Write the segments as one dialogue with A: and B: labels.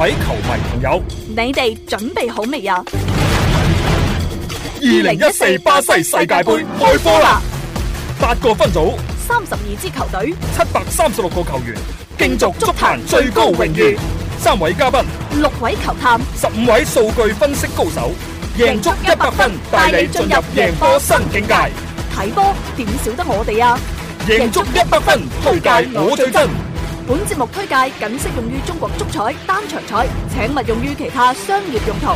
A: 各位球迷朋友，你哋準備好未呀？二零一四巴西世界盃開波啦！八個分組，三十二支球隊，七百三十六個球員，競逐足壇最高榮譽。三位嘉賓，六位球探，十五位數據分析高手，贏足一百分，帶你進入贏波新境界。睇波點少得我哋呀？贏足一百分推介我最真。本節目推介僅適用於中國足彩單場彩，請勿用於其他商業用途。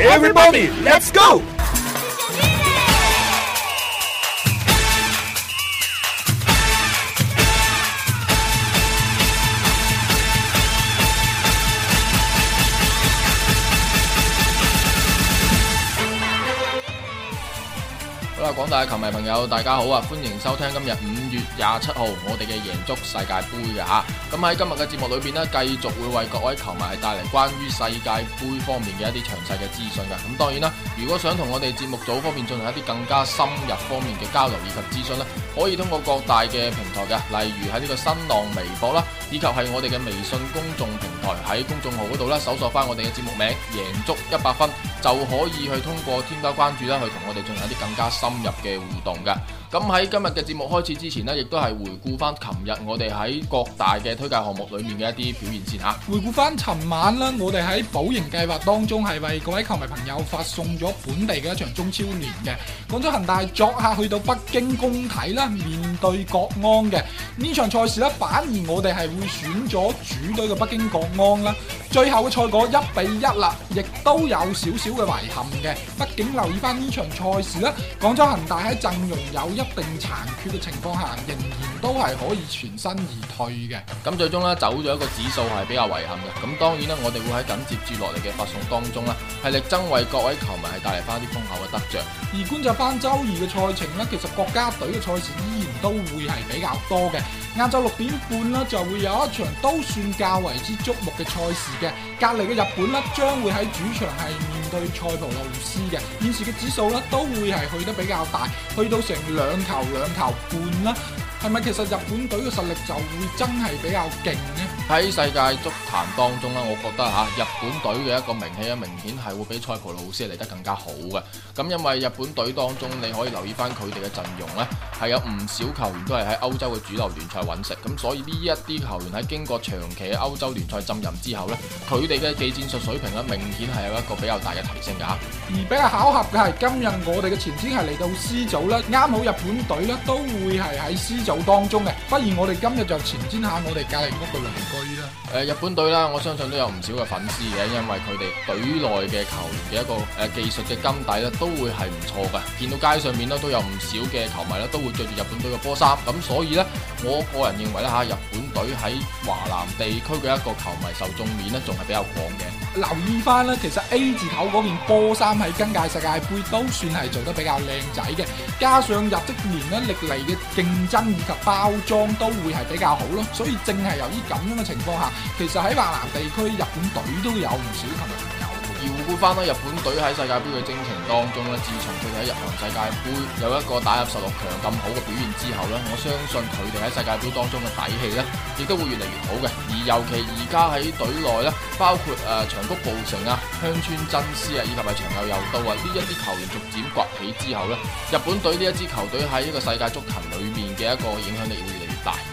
A: Everybody, let's go！
B: 好啦，廣大球迷朋友，大家好啊，歡迎收聽今日五。月廿七號，我哋嘅贏足世界杯嘅吓，咁、啊、喺今日嘅節目裏邊咧，繼續會為各位球迷係帶嚟關於世界杯方面嘅一啲詳細嘅資訊噶。咁當然啦，如果想同我哋節目組方面進行一啲更加深入方面嘅交流以及諮詢咧，可以通過各大嘅平台嘅，例如喺呢個新浪微博啦，以及係我哋嘅微信公眾平台喺公眾號嗰度咧，搜索翻我哋嘅節目名贏足一百分，就可以去通過添加關注啦，去同我哋進行一啲更加深入嘅互動噶。咁喺今日嘅節目開始之前咧，亦都係回顧翻琴日我哋喺各大嘅推介項目裏面嘅一啲表現先嚇。
A: 回顧翻尋晚啦，我哋喺保營計劃當中係為各位球迷朋友發送咗本地嘅一場中超聯嘅廣州恒大作客去到北京工體啦，面對國安嘅呢場賽事咧，反而我哋係會選咗主隊嘅北京國安啦。最後嘅賽果一比一啦，亦都有少少嘅遺憾嘅。畢竟留意翻呢場賽事啦，廣州恒大喺陣容有一定殘缺嘅情況下，仍然都係可以全身而退嘅。
B: 咁最終啦，走咗一個指數係比較遺憾嘅。咁當然啦，我哋會喺緊接住落嚟嘅發送當中啦，係力爭為各位球迷係帶嚟翻啲豐厚嘅得着。
A: 而觀察翻周二嘅賽程呢，其實國家隊嘅賽事依然都會係比較多嘅。晏晝六點半啦，就會有一場都算較為之矚目嘅賽事。隔籬嘅日本咧，將會喺主場係面對塞浦路斯嘅。現時嘅指數咧，都會係去得比較大，去到成兩球兩球半啦。係咪其實日本隊嘅實力就會真係比較勁
B: 呢？喺世界足壇當中咧，我覺得吓日本隊嘅一個名氣咧，明顯係會比塞浦路斯嚟得更加好嘅。咁因為日本隊當中，你可以留意翻佢哋嘅陣容呢，係有唔少球員都係喺歐洲嘅主流聯賽揾食。咁所以呢一啲球員喺經過長期嘅歐洲聯賽浸淫之後呢，佢哋嘅技戰術水平呢，明顯係有一個比較大嘅提升噶。
A: 而比較巧合嘅係，今日我哋嘅前天係嚟到 C 組呢，啱好日本隊呢，都會係喺 C。走當中嘅，不如我哋今日就前瞻下我哋隔籬屋嘅
B: 鄰居啦。誒，日本隊啦，我相信都有唔少嘅粉絲嘅，因為佢哋隊內嘅球員嘅一個誒技術嘅金底咧，都會係唔錯㗎。見到街上面咧都有唔少嘅球迷咧，都會着住日本隊嘅波衫。咁所以呢，我個人認為咧嚇日本隊喺華南地區嘅一個球迷受眾面咧，仲係比較廣嘅。
A: 留意翻啦，其實 A 字頭嗰件波衫喺今屆世界盃都算係做得比較靚仔嘅，加上入職年咧歷嚟嘅競爭以及包裝都會係比較好咯，所以正係由於咁樣嘅情況下，其實喺華南地區日本隊都有唔少球迷。
B: 而回顧翻啦，日本隊喺世界杯嘅征程當中咧，自從佢哋喺日韓世界杯有一個打入十六強咁好嘅表現之後咧，我相信佢哋喺世界杯當中嘅底氣咧，亦都會越嚟越好嘅。而尤其而家喺隊內咧，包括誒、呃、長谷部誠啊、香川真司啊，以及係長友佑都啊呢一啲球員逐漸崛起之後咧，日本隊呢一支球隊喺呢個世界足球裏面嘅一個影響力會越嚟。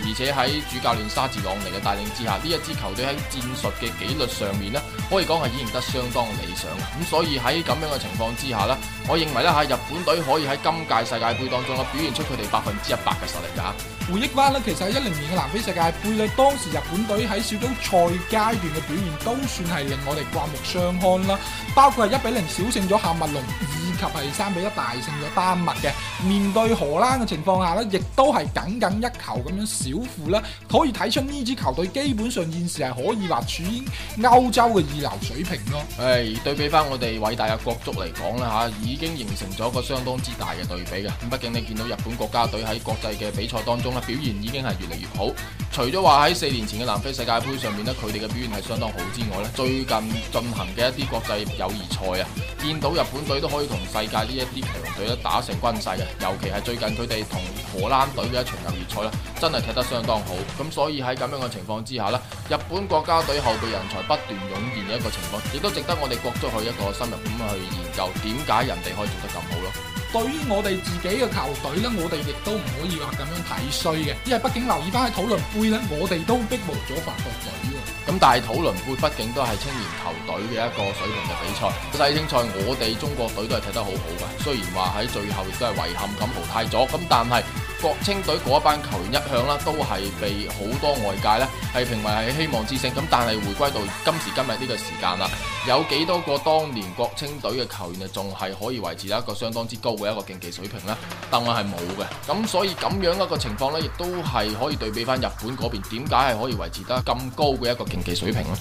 B: 而且喺主教練沙治朗尼嘅帶領之下，呢一支球隊喺戰術嘅紀律上面咧，可以講係表現得相當理想。咁所以喺咁樣嘅情況之下咧。我認為咧，吓日本隊可以喺今屆世界杯當中咧表現出佢哋百分之一百嘅實力噶，啊。
A: 回憶翻咧，其實喺一零年嘅南非世界杯咧，當時日本隊喺小組賽階段嘅表現都算係令我哋刮目相看啦。包括係一比零小勝咗夏麥龍，以及係三比一大勝咗丹麥嘅。面對荷蘭嘅情況下呢亦都係僅僅一球咁樣小負啦，可以睇出呢支球隊基本上現時係可以話處於歐洲嘅二流水平咯。
B: 誒，hey, 對比翻我哋偉大嘅國足嚟講咧，吓以。已經形成咗個相當之大嘅對比嘅，咁畢竟你見到日本國家隊喺國際嘅比賽當中咧表現已經係越嚟越好，除咗話喺四年前嘅南非世界盃上面咧佢哋嘅表現係相當好之外咧，最近進行嘅一啲國際友誼賽啊。見到日本隊都可以同世界呢一啲強隊咧打成均勢嘅，尤其係最近佢哋同荷蘭隊嘅一場友誼賽咧，真係踢得相當好。咁所以喺咁樣嘅情況之下咧，日本國家隊後備人才不斷湧現嘅一個情況，亦都值得我哋國足去一個深入咁去研究點解人哋可以做得咁好咯。
A: 對於我哋自己嘅球隊咧，我哋亦都唔可以話咁樣睇衰嘅，因為畢竟留意翻喺討論區咧，我哋都逼無咗法
B: 國隊。咁但係土倫杯畢竟都係青年球隊嘅一個水平嘅比賽，世青賽我哋中國隊都係踢得好好嘅，雖然話喺最後亦都係遺憾咁淘汰咗。咁但係國青隊嗰一班球員一向啦，都係被好多外界咧係評為係希望之星，咁但係回歸到今時今日呢個時間啦，有幾多個當年國青隊嘅球員啊，仲係可以維持得一個相當之高嘅一個競技水平咧？答案係冇嘅。咁所以咁樣一個情況咧，亦都係可以對比翻日本嗰邊點解係可以維持得咁高嘅一個。其水平咧，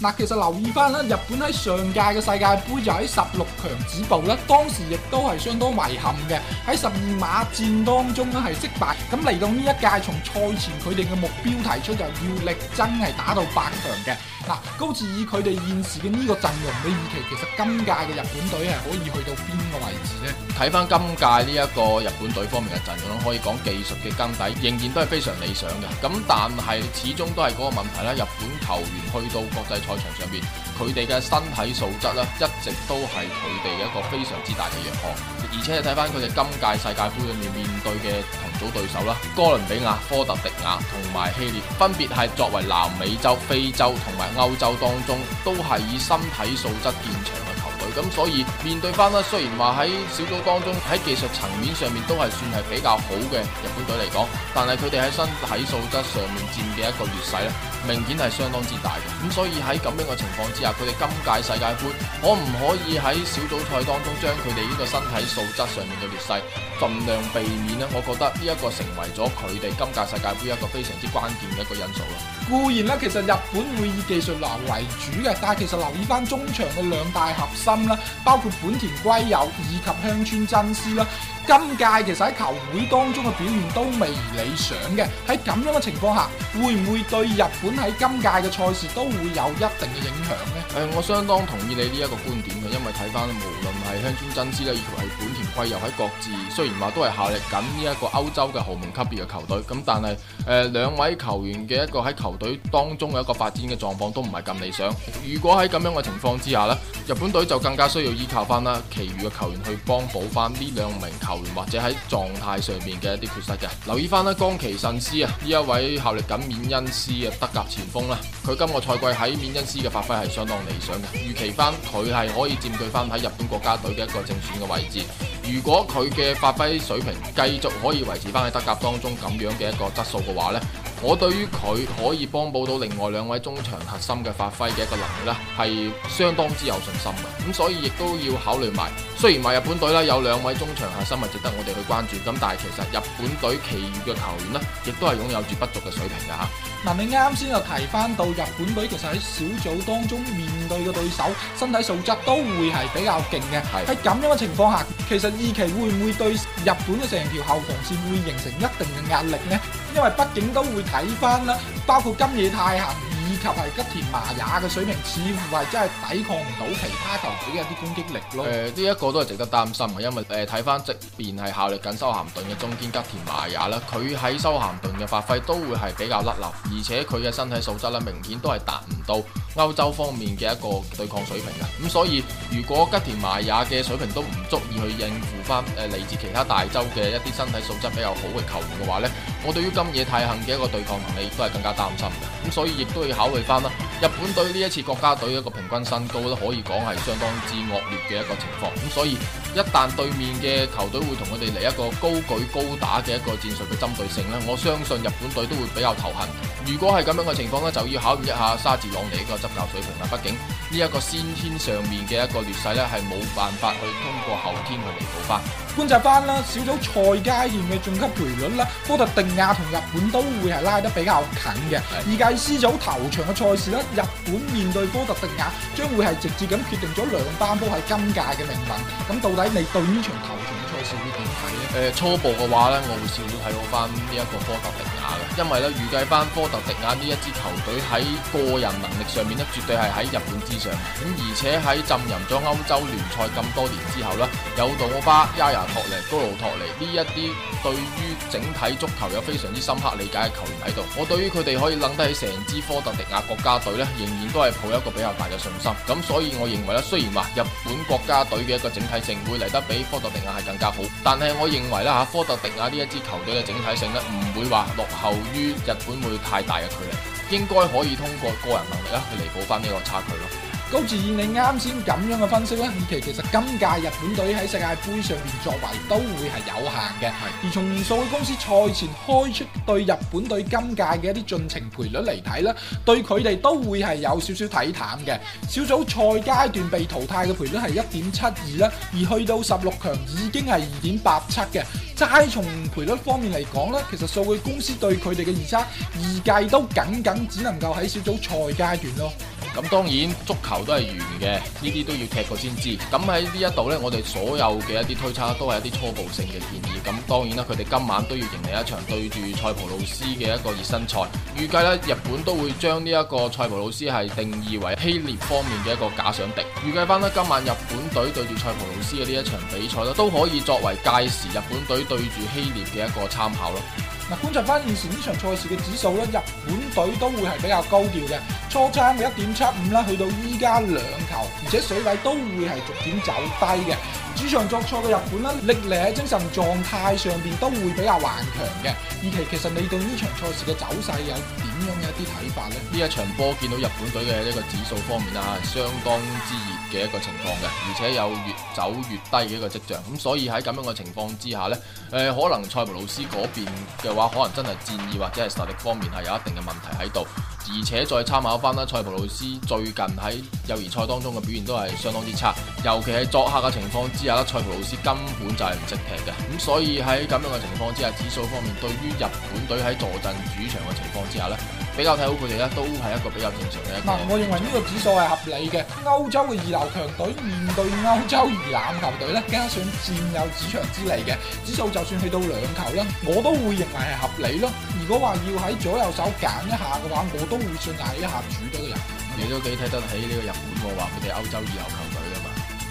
A: 嗱，其實留意翻啦，日本喺上屆嘅世界杯就喺十六強止步咧，當時亦都係相當遺憾嘅，喺十二碼戰當中咧係惜敗，咁嚟到呢一屆，從賽前佢哋嘅目標提出，就要力爭係打到八強嘅。嗱、啊，高志以佢哋現時嘅呢個陣容嘅預期，其實今屆嘅日本隊係可以去到邊個位置
B: 咧？睇翻今屆呢一個日本隊方面嘅陣容，可以講技術嘅根底仍然都係非常理想嘅。咁但係始終都係嗰個問題啦，日本球員去到國際賽場上邊，佢哋嘅身體素質咧一直都係佢哋一個非常之大嘅弱項。而且睇翻佢哋今屆世界盃裏面面對嘅同組對手啦，哥倫比亞、科特迪瓦同埋希臘，分別係作為南美洲、非洲同埋。歐洲當中都係以身體素質見長嘅球隊，咁所以面對翻啦。雖然話喺小組當中喺技術層面上面都係算係比較好嘅日本隊嚟講，但係佢哋喺身體素質上面佔嘅一個劣勢咧，明顯係相當之大嘅。咁所以喺咁樣嘅情況之下，佢哋今屆世界盃可唔可以喺小組賽當中將佢哋呢個身體素質上面嘅劣勢盡量避免呢？我覺得呢一個成為咗佢哋今屆世界盃一個非常之關鍵嘅一個因素咯。
A: 固然咧，其實日本會以技術流為主嘅，但係其實留意翻中場嘅兩大核心啦，包括本田圭佑以及香川真司啦，今屆其實喺球會當中嘅表現都未理想嘅。喺咁樣嘅情況下，會唔會對日本喺今屆嘅賽事都會有一定嘅影響
B: 呢？誒、嗯，我相當同意你呢一個觀點。因為睇翻無論係香川真司啦，以及係本田圭佑喺各自，雖然話都係效力緊呢一個歐洲嘅豪門級別嘅球隊，咁但係誒、呃、兩位球員嘅一個喺球隊當中嘅一個發展嘅狀況都唔係咁理想。如果喺咁樣嘅情況之下呢，日本隊就更加需要依靠翻啦其餘嘅球員去幫補翻呢兩名球員或者喺狀態上面嘅一啲缺失嘅。留意翻啦，岡崎慎司啊，呢一位效力緊緬恩斯嘅德甲前鋒啦，佢今個賽季喺緬恩斯嘅發揮係相當理想嘅，預期翻佢係可以。佔據翻喺日本國家隊嘅一個正選嘅位置，如果佢嘅發揮水平繼續可以維持翻喺德甲當中咁樣嘅一個質素嘅話咧。我對於佢可以幫補到另外兩位中場核心嘅發揮嘅一個能力咧，係相當之有信心嘅。咁、嗯、所以亦都要考慮埋。雖然話日本隊呢有兩位中場核心係值得我哋去關注，咁但係其實日本隊其餘嘅球員呢，亦都係擁有住不俗嘅水平嘅
A: 吓。嗱，你啱先又提翻到日本隊，其實喺小組當中面對嘅對手，身體素質都會係比較勁嘅。係喺咁樣嘅情況下，其實二期會唔會對日本嘅成條後防線會形成一定嘅壓力呢？因為畢竟都會睇翻啦，包括今夜太行。及係吉田麻也嘅水平，似乎係真係抵抗唔到其他球隊嘅一啲攻擊力
B: 咯。誒、呃，呢、這、一個都係值得擔心嘅，因為誒睇翻即便係效力緊修咸頓嘅中堅吉田麻也啦，佢喺修咸頓嘅發揮都會係比較甩漏，而且佢嘅身體素質啦，明顯都係達唔到歐洲方面嘅一個對抗水平嘅。咁、嗯、所以，如果吉田麻也嘅水平都唔足以去應付翻誒嚟自其他大洲嘅一啲身體素質比較好嘅球員嘅話呢，我對於今夜太幸嘅一個對抗能力都係更加擔心嘅。咁、嗯、所以亦都要考。翻啦！日本隊呢一次國家隊一個平均身高咧，可以講係相當之惡劣嘅一個情況咁，所以。一旦對面嘅球隊會同佢哋嚟一個高舉高打嘅一個戰術嘅針對性咧，我相信日本隊都會比較頭痕。如果係咁樣嘅情況咧，就要考驗一下沙治朗尼一個執教水平啦。畢竟呢一個先天上面嘅一個劣勢咧，係冇辦法去通過後天去彌補翻。
A: 觀察翻啦，小組賽階段嘅晉級賠率啦，科特迪瓦同日本都會係拉得比較近嘅。而喺 C 組頭場嘅賽事咧，日本面對科特迪瓦將會係直接咁決定咗兩班波喺今屆嘅命運。咁到底？喺你對呢場頭場賽
B: 事點睇咧？誒、欸、初步嘅話呢，我會少少睇好翻呢一個波。因為咧，預計翻科特迪瓦呢一支球隊喺個人能力上面咧，絕對係喺日本之上。咁而且喺浸淫咗歐洲聯賽咁多年之後咧，有杜奧巴、雅亞托尼、高盧托尼呢一啲對於整體足球有非常之深刻理解嘅球員喺度，我對於佢哋可以楞得起成支科特迪瓦國家隊呢，仍然都係抱一個比較大嘅信心。咁所以我認為咧，雖然話日本國家隊嘅一個整體性會嚟得比科特迪瓦係更加好，但係我認為啦吓，科特迪瓦呢一支球隊嘅整體性呢，唔會話落。後於日本會太大嘅距離，應該可以通過個人能力啦去彌補翻呢個差距咯。
A: 都似以你啱先咁樣嘅分析咧，其其實今屆日本隊喺世界盃上面作為都會係有限嘅。對而從數據公司賽前開出對日本隊今屆嘅一啲進程賠率嚟睇咧，對佢哋都會係有少少睇淡嘅。小組賽階段被淘汰嘅賠率係一點七二啦，而去到十六強已經係二點八七嘅。齋從賠率方面嚟講咧，其實數據公司對佢哋嘅預測二屆都僅僅只能夠喺小組賽階段咯。
B: 咁當然足球都係圓嘅，呢啲都要踢過先知。咁喺呢一度呢，我哋所有嘅一啲推測都係一啲初步性嘅建議。咁當然啦，佢哋今晚都要迎嚟一場對住塞浦路斯嘅一個熱身賽。預計呢，日本都會將呢一個塞浦路斯係定義為希臘方面嘅一個假想敵。預計翻咧，今晚日本隊對住塞浦路斯嘅呢一場比賽咧，都可以作為屆時日本隊對住希臘嘅一個參考咯。
A: 嗱，觀察翻現時呢場賽事嘅指數咧，日本隊都會係比較高調嘅，初場，嘅一點七五啦，去到依家兩球，而且水位都會係逐漸走低嘅。主場作賽嘅日本咧，歷嚟喺精神狀態上邊都會比較頑強嘅。而其其實你對呢場賽事嘅走勢有點樣嘅一啲睇法咧？呢
B: 一場波見到日本隊嘅呢個指數方面啊，相當之。嘅一個情況嘅，而且有越走越低嘅一個跡象，咁、嗯、所以喺咁樣嘅情況之下呢，誒、呃、可能蔡蒲老師，塞浦路斯嗰邊嘅話，可能真係戰意或者係實力方面係有一定嘅問題喺度，而且再參考返啦，塞浦路斯最近喺友誼賽當中嘅表現都係相當之差，尤其係作客嘅情況之下，塞浦路斯根本就係唔識踢嘅，咁、嗯、所以喺咁樣嘅情況之下，指數方面對於日本隊喺坐鎮主場嘅情況之下呢。比較睇好佢哋咧，都係一個比較正常嘅。嗱，我認為呢個指數係合理嘅。歐洲嘅二流強
A: 隊面對歐洲二流球隊咧，加上佔有主場之利嘅指數，就算去到兩球咧，我都會認為係合理咯。如果話要喺左右手揀一下嘅話，我都會算係一下主隊嘅人。
B: 你都幾睇得起呢個日本喎，話，佢哋歐洲二流球。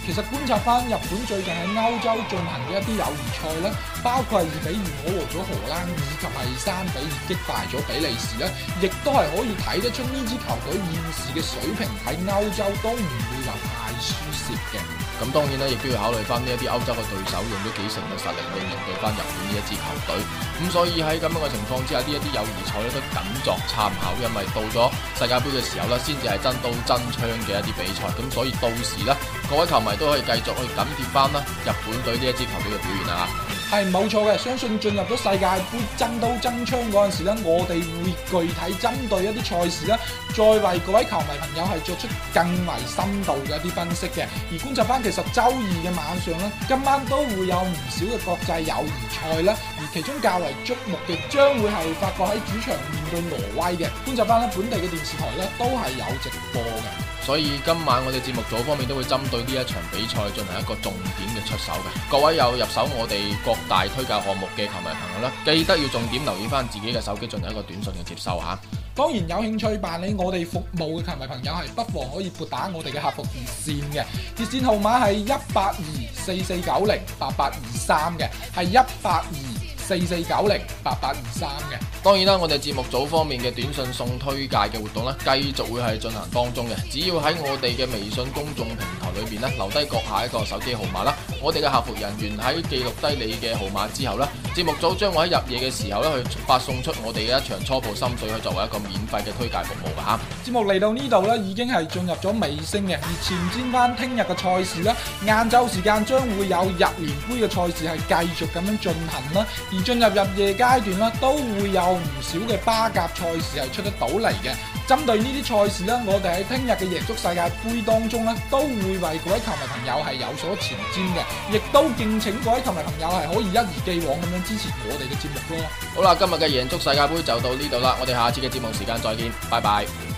B: 其實觀
A: 察返日本最近喺歐洲進行嘅一啲友誼賽，包括係二比二攔和咗荷蘭，以及係三比二擊敗咗比利時咧，亦都係可以睇得出呢支球隊現時嘅水平喺歐洲都唔會流輸蝕嘅，
B: 咁當然咧，亦都要考慮翻呢一啲歐洲嘅對手用咗幾成嘅實力去應對翻日本呢一支球隊，咁所以喺咁樣嘅情況之下，呢一啲友誼賽咧都僅作參考，因為到咗世界杯嘅時候咧，先至係真刀真槍嘅一啲比賽，咁所以到時咧，各位球迷都可以繼續去緊貼翻啦，日本隊呢一支球隊嘅表現啊。
A: 係冇錯嘅，相信進入咗世界杯爭刀爭槍嗰陣時咧，我哋會具體針對一啲賽事咧，再為各位球迷朋友係作出更為深度嘅一啲分析嘅。而觀察翻，其實周二嘅晚上咧，今晚都會有唔少嘅國際友誼賽啦，而其中較為矚目嘅，將會係法國喺主場面對挪威嘅。觀察翻咧，本地嘅電視台咧都係有直播嘅。
B: 所以今晚我哋節目組方面都會針對呢一場比賽進行一個重點嘅出手嘅，各位有入手我哋各大推介項目嘅球迷朋友啦，記得要重點留意翻自己嘅手機進行一個短信嘅接收吓。
A: 當然有興趣辦理我哋服務嘅球迷朋友係不妨可以撥打我哋嘅客服熱線嘅，熱線號碼係一八二四四九零八八二三嘅，係一八二。四四九零八八五三嘅，
B: 當然啦，我哋節目組方面嘅短信送推介嘅活動咧，繼續會係進行當中嘅。只要喺我哋嘅微信公眾平台裏面咧，留低閣下一個手機號碼啦，我哋嘅客服人員喺記錄低你嘅號碼之後咧，節目組將會喺入夜嘅時候咧去發送出我哋嘅一場初步心水，去作為一個免費嘅推介服務噶吓。
A: 節目嚟到呢度咧，已經係進入咗尾聲嘅，而前瞻翻聽日嘅賽事咧，晏晝時間將會有日聯杯嘅賽事係繼續咁樣進行啦。而進入入夜階段咧，都會有唔少嘅巴甲賽事係出得到嚟嘅。針對呢啲賽事咧，我哋喺聽日嘅贏足世界盃當中咧，都會為各位球迷朋友係有所前瞻嘅，亦都敬請各位球迷朋友係可以一如既往咁樣支持我哋嘅節目
B: 咯。好啦，今日嘅贏足世界盃就到呢度啦，我哋下次嘅節目時間再見，拜拜。